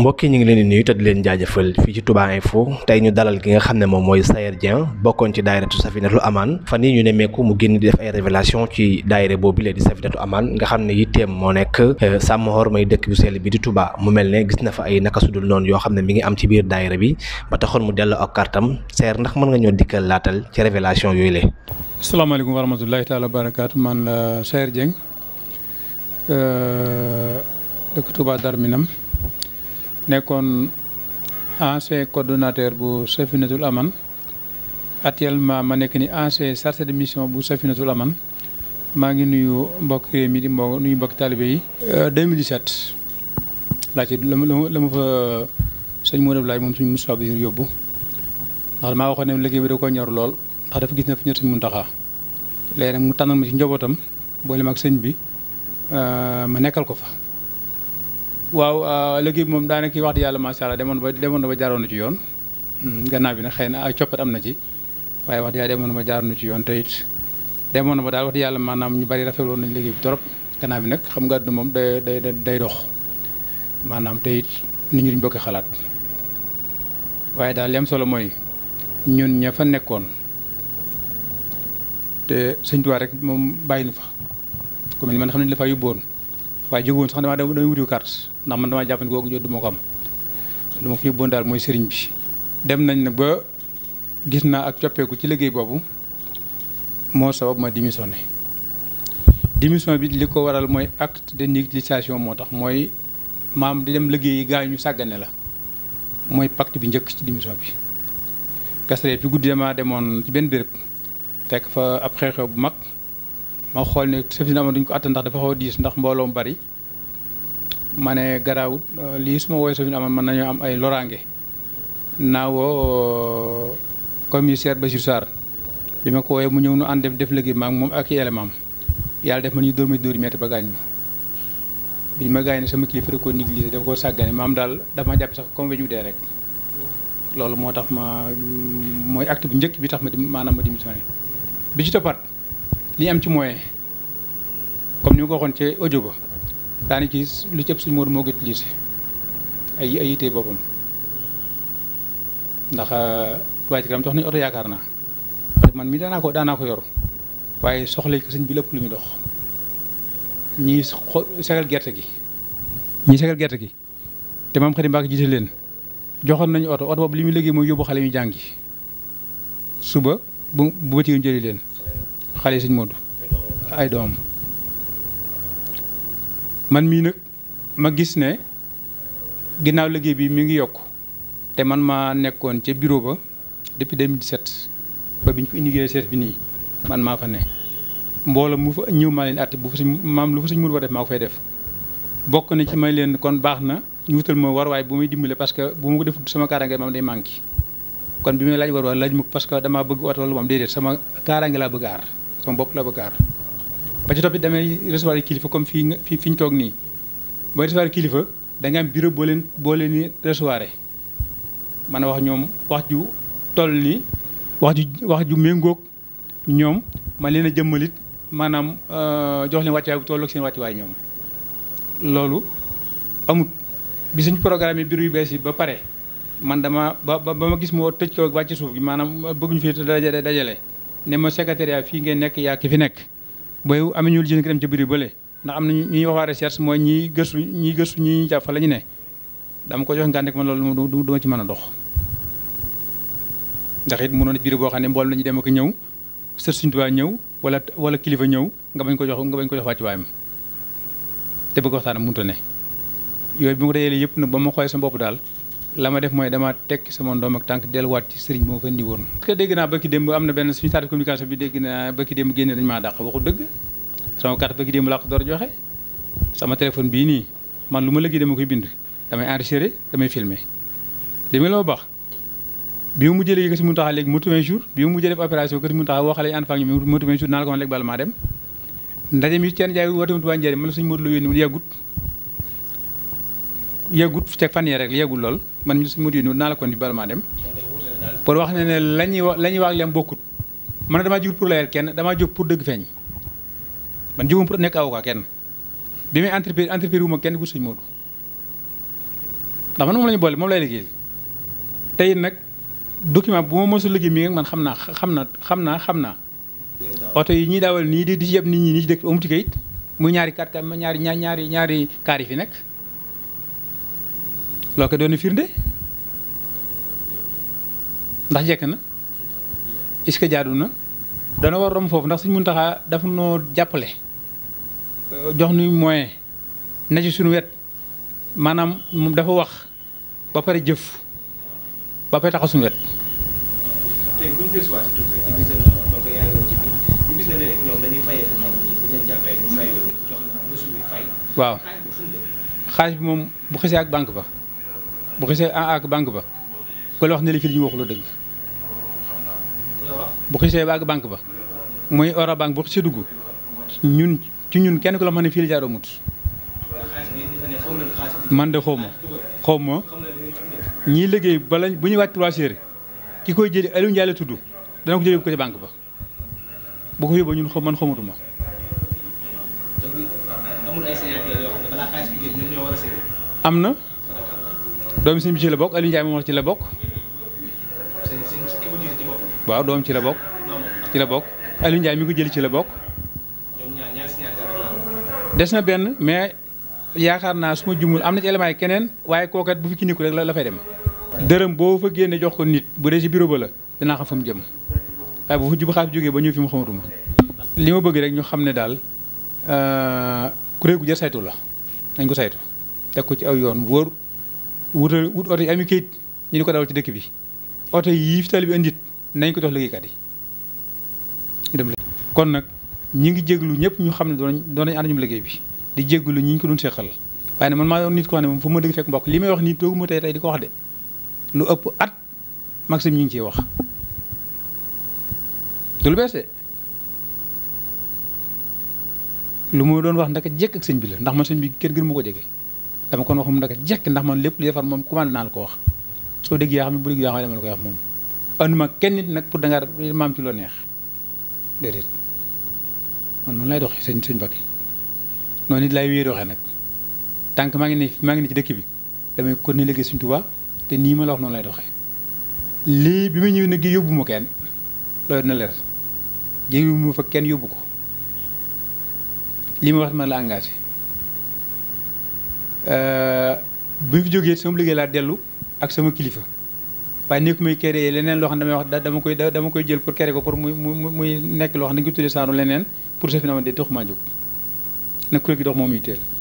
mbokk yi ñu ngi leen di nuyu te di leen jaajëfal fii ci Touba Info tey ñu dalal ki nga xam ne moom mooy Sayer Dieng bokkoon ci daayiratu Safinatul Aman fan yi ñu ne meeku mu génn di def ay révélation ci daayira boobu lee di Safinatu Aman nga xam ne yitteem moo nekk euh, sàmm xormay dëkk bu seel bi di tubaa mu mel ne gis na fa ay naka sudul noonu yoo xam ne mi ngi am ci biir daayira bi ba taxoon mu delloo ak kartam Sayer ndax mën nga ñoo dikkal laatal ci révélation yooyu le asalaamaaleykum wa rahmatulahi taala wa barakaatu man la Sayer Dieng euh, dëkk nekkoon ancien coordonnateur bu Safinatul Aman actuellement ma nekk ni ancien chargé de mission bu Safinatul Aman maa ngi nuyu mbokk réew mi di mbokk nuyu mbokk taalibe yi. 2017 euh, laa ci la ma la ma fa sëñ Modou Abdoulaye moom suñu Moustapha bi yóbbu ndax damaa waxoon ne liggéey bi da ko ñor lool ndax dafa gis na fi ñor suñu Muntaxa léegi nag mu tànnal ma ci njabootam boolem ak sëñ bi euh, ma nekkal ko fa. waaw ah, liggéey bi moom daanaka wax di yàlla macha allah demoon ba demoon na ba jaaroon na ci yoon hmm, gannaaw bi nag xëy na ay coppat am na ci waaye wax di yàlla demoon na ba jaaroon ci yoon te it demoon na ba daal wax yàlla maanaam ñu bari rafetlu woon nañu liggéey bi torop gannaaw bi nag xam nga àdduna moom day day day dox maanaam te it nit ñi duñ bokk xalaat waaye daal li am solo mooy ñun ña fa nekkoon te Sëñ rek moom bàyyi nu fa ku mel ni man xam ne dafa yóbboon waaye jógoon sax damaa damay wuti carte ndax man damaa jàpp ne googu jot du ma ko am lu ma fi yóbboon daal mooy sëriñ bi. dem nañ na ba gis naa ak coppeeku ci liggéey boobu moo sabab ma démissionné démission bi li ko waral mooy acte de négligence moo tax mooy maam di dem liggéey yi gaa ñu sàggane la mooy pacte bi njëkk ci démission bi. kasare fi guddi damaa demoon ci benn béréb fekk fa ab xew-xew bu mag. ma xool ne sëf na ma duñ ko attan ndax dafa xaw diis ndax mbooloo bari ma ne garaawut euh, lii su ma woowee sëf na man nañoo am ay loraange naawoo euh, commissaire Bachir Sarr bi ma ko mu ñëw nu ànd def léegi ma ak moom ak i élément yàlla def ma ñu dóor ma dóor metti ba gaañ ma bi ma gaañ ne sama kilifa koo sàggane maam daal dafa ma jàpp sax comme ñu rek loolu moo tax ma mm, mooy acte njëkk bi tax ma di maanaam ma démissionné ci toppaat li ñu am ci moyen comme ni ma ko waxoon ci audio ba daanaka gis lu ci ëpp suñu Modou moo ko utilisé ay ay yitee boppam ndax euh, Touba Ca Kanam jox nañu oto yaakaar na parce que man mii daanaa ko daanaa ko yor waaye soxla ko sëñ bi lépp lu muy dox ñii segal gerte gi ñii segal gerte gi te maam xëy na mbaa jiite leen joxoon nañu oto oto boobu li muy liggéey mooy yóbbu xale yu jàngi suba bu bu bëccëgee jëli leen. xale suñ Modou ay doom man mii nag ma gis ne ginnaaw liggéey bi mi ngi yokk te man maa nekkoon ca bureau ba depuis 2017 ba biñ ko indigéey seet bi nii man maa fa ne mbooloo mu fa ñëw maa leen àtte bu fa sëñ maam ma fa def maa ko fay def bokk na ci may leen kon baax na ñu wutal ma warwaay bu may dimbale parce que bu ma ko defut sama kaaraange maam day manqué ma parce que damaa bëgg oto moom déedéet sama kaaraange laa bëgg aar sama bopp la bëgg aar ba ci topp it damay recevoir kilifa comme fii nga fii fi ñu toog nii booy recevoir kilifa da am bureau boo leen boo leen di recevoir man a wax ñoom wax ju toll nii wax ju wax ju méngóog ñoom man leen a jëmmalit maanaam euh, jox leen wàccuwaay bu toll ak seen wàccuwaay ñoom loolu amut bi suñ programme yi bureau yu bees yi ba pare man dama ba ba ma gis moo tëj ko wàcc suuf gi maanaam bëgguñu fi dajale dajale ne ma secrétariat fii ngee nekk yaa ki fi nekk booy amee ñu jën ki dem ci biir bële ndax am na ñuy wax waa recherche mooy ñiy gëstu ñiy gëstu ñi jàpp fa la ñu ne dama ko jox ngàndik man loolu du ma ci mën a dox ndax it mënoon biir boo xam ne mbool lañu dem ak ñëw sër Sëriñ Tuubaa ñëw wala wala kilifa ñëw nga bañ ko jox nga bañ ko jox wàccu waayam te bëgg waxtaan mënut a ne yooyu bi ma ko dajalee yëpp nag ba ma xooy sa bopp daal la ma def mooy dama tekki sama ndoom ak tànk delluwaat ci sëriñ moo fa woon parce que dégg naa bëkki démb am na benn suñu carte communication bi dégg naa bëkki démb génne dañu maa dàq waxu dëgg ko joxe sama téléphone bii nii man lu ma liggéey dama koy bind damay enregistré damay filmé dégg nga la ma mu mujjee léegi kër si mu taxaa léegi motu 20 bi mu mujjee def opération kër si mu taxaa woo xale yi ànd fa ak ñoom motu 20 jours naa la ko man yàggut yëgut te fan yii rek yëgul lool man ñu suñu mujj yi naa la kon di bala maa dem. pour wax ne ne la ñuy wax la ñuy wax leen bokkut man damaa jóg pour layal kenn damaa jóg pour dëgg feeñ man jógum pour nekk avocat kenn bi muy entreprise entreprise wu ma kenn ku suñu Modou ndax man moom la boole moom lay liggéeyal tey nag document bu ma mosul liggéey mi man xam naa xam na xam naa xam naa. oto yi ñuy daawal nii di di yeb nit ñi nii ci dëkk amu ci kayit muy ñaari kat ñaari ñaari ñaari ñaari kaar yi fi nekk. loo ko doon firnde ndax jekk na est-ce que jaadu na dana war rom foofu ndax suñ mun taxa daf noo jàppale euh, jox nuy moyen na ci suñu wet maanaam moom dafa wax ba pare jëf ba pare taxaw suñu wet waaw xaalis bi moom bu xisee ak banque ba bu xisee a àgg ba ku la wax ne li fi li ñu wax lu dëgg bu xisee ba àgg banque ba muy ora banque bu xisee dugg ñun ci ñun kenn ku la mën ne fii la jaaroo mut man de xaw ma xaw ma ñii liggéey bala bu ñuy wàcc trois heures ki koy jëli Aliou Ndiaye la tudd dana ko jëlee bu ko ci banque ba bu ko yóbboo ñun xaw man xamatuma am na doomi sëñ bi ci la bokk Aliou Ndiaye moom ci la bokk. waaw doom ci la bokk. ci la bokk Aliou mi ko jëli ci la bokk. des na benn mais yaakaar naa su ma jumul am na ci élément keneen waaye kookat bu fi ci nikku rek la fay dem. dërëm boo fa génne jox ko nit bu dee ci bureau ba la dinaa xam fa mu jëm waaye bu fa jub xaaf jógee ba ñëw fi mu xamatuma li ma bëgg rek ñu xam ne daal euh, kuréel gu jar saytu la dañ ko saytu teg ko ci aw yoon wóor. wut oto yi ami kayit ñu di ko dawal ci dëkk bi oto yi fi tali bi nañ ko jox liggéeykat yi dem kon nag ñi ngi jéglu ñëpp ñu xam ne doon nañ ànd ñu liggéey bi di jéglu ñi ñu ko doon seqal waaye ne man maa doon nit ko xam ne moom fu ma dëgg fekk mbokk li may wax nii tooguma tey tey di ko wax de lu ëpp at maxime ñu ngi ciy wax du lu bees lu ma doon wax ndaka jekk ak sëñ bi la ndax man sëñ bi kenn gën ma ko jege dama kon waxum nag jekk ndax man lépp li defar moom commande naa la ko wax soo dégg yaa xam ne bu dégg yoo xam ne dama la koy wax moom anduma kenn nit nag pour danga maam ci loo neex déedéet man noonu lay doxee sëñ sëñ Mbakke noonu it laay wéer waxee nag tànk maa ngi ne maa ngi ne ci dëkk bi damay kon ne léegi sëñ Tuubaa te nii ma la wax noonu lay doxe lii bi ma ñëwee nag yóbbu ma kenn loolu na leer jéggi mu fa kenn yóbbu ko lii ma wax ma la engagé Euh, bi mu jógee sama liggéey laa dellu ak sama kilifa waaye nekku may créé leneen loo xam ne damay wax dama koy da dama koy jël pour kere ko pour mu mu muy muy nekk loo xam ne dañu ko tuddee saaru leneen pour sa fi na ma de taxumaa jóg nag kuréel gi dox moom yitteel